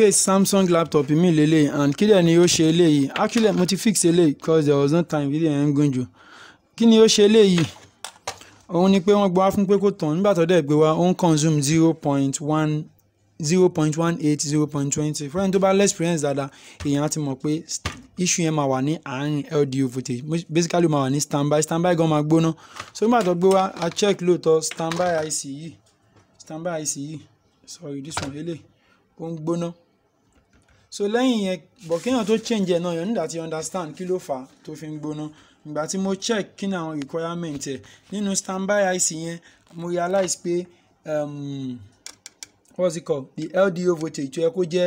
case samsung laptop mi lele and kí dẹ̀ ni ó ṣe eléyìí actually mo ti fix eléyìí cause there was no time video yẹn ń gùn jù kí ni ó ṣe eléyìí òun ni pé wọ́n gbọ́ fún pé kó tàn nígbà tó dẹ̀ gbé wa ó ń consume zero point one zero point one eight zero point twenty fún ẹni tó bá experience dáadáa èèyàn á ti mọ̀ pé issue yẹn máa wà ní àárín LDO voltage basically máa wà ní standby standby gan máa gbóná so nígbà tó gbé wa a check lóòótọ́ standby IC yìí e. standby IC yìí e. sorry this one eléyìí ó ń gbóná so lẹ́yìn yẹn bọ̀ kéèyàn tó change ẹ̀ náà yàn nígbà tí understand kí ló fà á tó fi ń gbóná ìgbà tí mo check kí ni àwọn requirement ẹ̀ nínú standby IC yẹn mo realize pé um, what's it called the LDO voltage tó yẹ kó jẹ́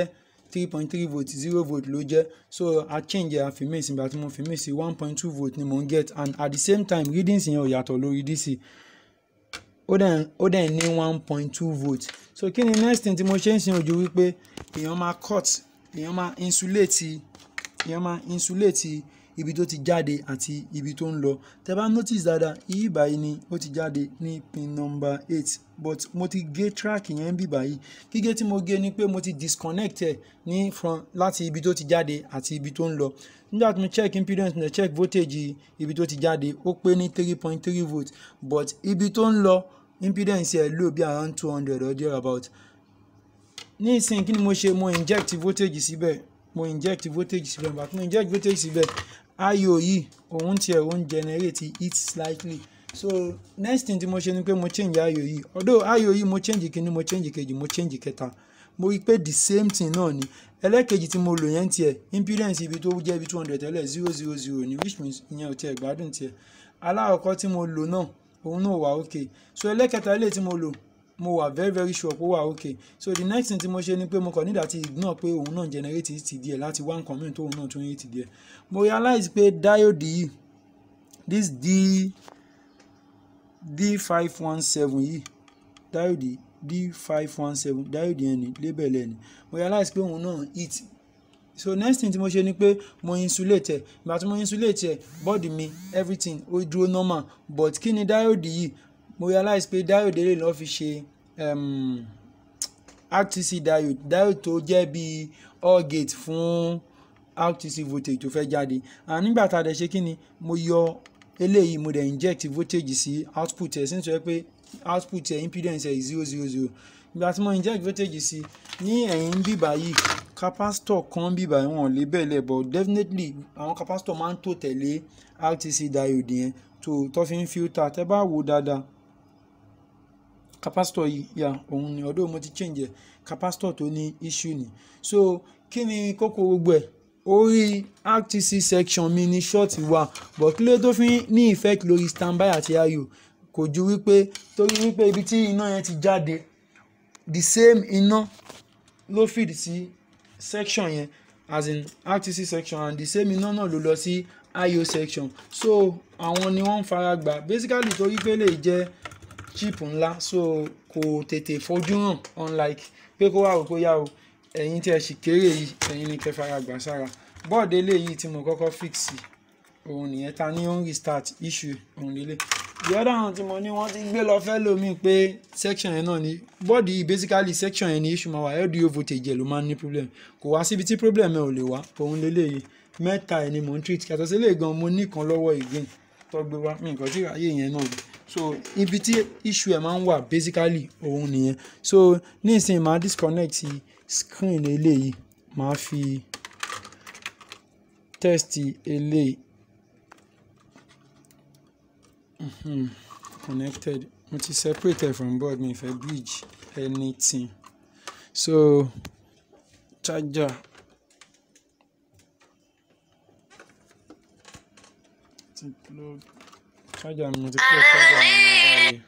three point three volt zero volt ló jẹ́ so i change ẹ̀ àfi mix ìgbà tí mo fi mix sí one point two volt ni mo ń get and at the same time readings yẹn ò yàtọ̀ lórí DC ó dẹ̀ ó dẹ̀ ní one point two volt so kí ni next thing tí mo ṣe ń sin ojú wípé èèyàn máa cut èèyàn máa insulate èèyàn máa insulate ibi tó ti jáde àti ibi tó ń lọ tẹ bá notice dáadáa yìí báyìí ni ó ti jáde ní pin number eight but mo ti gé track yẹn bí báyìí gígé tí mo gé ni pé mo ti disconnect ẹ ní from láti ibi tó ti jáde àti ibi tó ń lọ nígbà tí mo check impedance mo check voltage ibi tó ti jáde ó pé ní three point three volts. but ibi tó ń lọ impedance ẹ lò bí around two hundred or there about ní ìsìn kí ni mo ṣe mo inject voltage síbẹ̀ mo inject voltage síbẹ̀ nígbà tí mo inject voltage síbẹ̀ io yìí e, òun tiẹ̀ òun generate it slightly so next thing tí mo ṣe ni pé mo change io yìí e. although io yìí e, mo change kíní mo change kejì mo change kẹta mo rí i pé the same thing náà ni ẹlẹ́kejì tí mo lò yẹn tiẹ̀ impedance ibi tó jẹ́ ibi two hundred tẹ́lẹ̀ zero zero zero ni which means ìyẹn ò tiẹ̀ gbádùn tiẹ̀ alákọ̀ọ́kọ́ tí mo lò náà òun náà wà ok so ẹlẹ́kẹta ilé tí mo lò mo wà very very sure pé ó wà okay so the next thing tí mo ṣe ni pé mo kàn nígbà tí ignore pé òun náà generate it díẹ̀ láti wá nǹkan tó òun náà tún it díẹ̀ mo realize pé diode yìí this d d five one seven yìí diode d five one seven diode yẹn label ẹ̀ ni mo realize pé òun náà it so next thing tí mo ṣe ni pé mo insulate ẹ ìgbà tí mo insulate ẹ bọ́ọ̀dì mi everything ó dúró normal but kí ni diode yìí mo realize pé diode lè lọ́ọ́ fi ṣe um, RTC diode diode tó jẹ́ bí all gate fún RTC voltage tó fẹ́ jáde and nígbà tá a dẹ̀ ṣe kí ni mo yọ eléyìí mo dẹ̀ inject voltage sí output ẹ̀ sí ní pé output ẹ̀ impedance ẹ̀ zero zero zero ìgbà tí mo inject voltage sí ní ẹ̀yìn bíbá yìí capacitor kan bíbá wọn lè bẹ́ẹ̀ lẹ̀ but definitely àwọn capacitor máa ń tò tẹ̀lé RTC diode yẹn tó tó fi ń filter tẹ́ bá wò dáadáa capacitor yìí ya òun ni ọdún mo ti change ẹ capacitor tó ní issue ni so kí ni kókó gbogbo ẹ orí RTC section mi ni short wa but kí ló tó fi ní effect lórí standby àti ayo kò ju wípé torí wípé ibi tí iná yẹn ti jáde the same iná ló feed sí section yẹn as in RTC section and the same iná náà ló lọ sí IO section so àwọn ni wọ́n ń fara gbà basically torí pé lè jẹ́ chip ńlá so kò tètè fojú hàn unlike pé kó wà ó kó yá o ẹ̀yin tí ẹ sì kéré yìí ẹ̀yin ni kẹ́ fara gbà sára bọ́ọ̀dù eléyìí tí mo kọ́kọ́ fix òun nìyẹn ta ní ó ń restart issue òun lélẹ̀ the other one tí mo ní wọ́n ti gbé lọ fẹ́ lómi pé section yẹn náà ni bọ́ọ̀dù yìí basically section yẹn ni issue máa wà LDO voltage ẹ̀ ló máa ń ní problem kò wá síbi tí problem ẹ̀ ò lè wá òun lélẹ̀ yìí mẹ́ta ẹ̀ ni mò ń treat kàtọ́ sí ilé gan mo ní kan lọ́wọ́ again tó gbé mi nǹkan tí ayé yẹn náà ni so ibi tí issue ẹ̀ máa ń wà basically òun nìyẹn so nísìnyí màá disconnect screen eléyìí màá fi test eléyìí mm-hmm. connected mo ti separate from board mi fẹ́ bridge anything so charger ti plug charger mi ti plug charger mi báyìí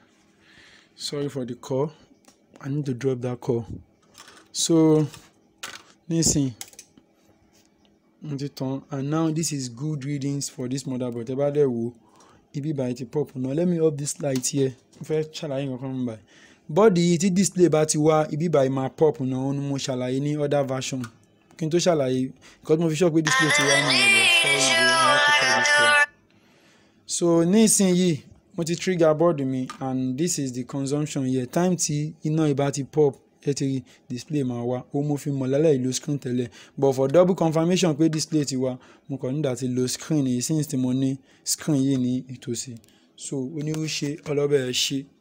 sorry for the call i need to drop that call so nisin mo ti tan and now this is good readings for this motherboard ẹ bá dẹ̀ wò ibi báyìí ti pop now let me off this light here mo fẹ́ ṣàlàyé nǹkan kan báyìí bọ́ọ̀dì yìí tí display bá ti wá ibi báyìí máa pop náà ni mo ṣàlàyé ní other version kí n tó ṣàlàyé because mo fi sọ pé display ti wá ní ọ̀dọ̀ sọ́ọ́ ìgbé wọn á so nísìnyí mo ti trigger board mi and this is the consumption here time tí iná ibà ti pop ẹ ti rí display máa wá ó mo fi mọ̀ lálẹ́ ìlò screen tẹ́lẹ̀ but for double confirmation pé display ti wá mo kàn nígbà tí lo screen yìí since tí mo ní screen yìí ní ìtòsí so oníwúṣe ọlọ́bẹ̀ ẹ̀ ṣe.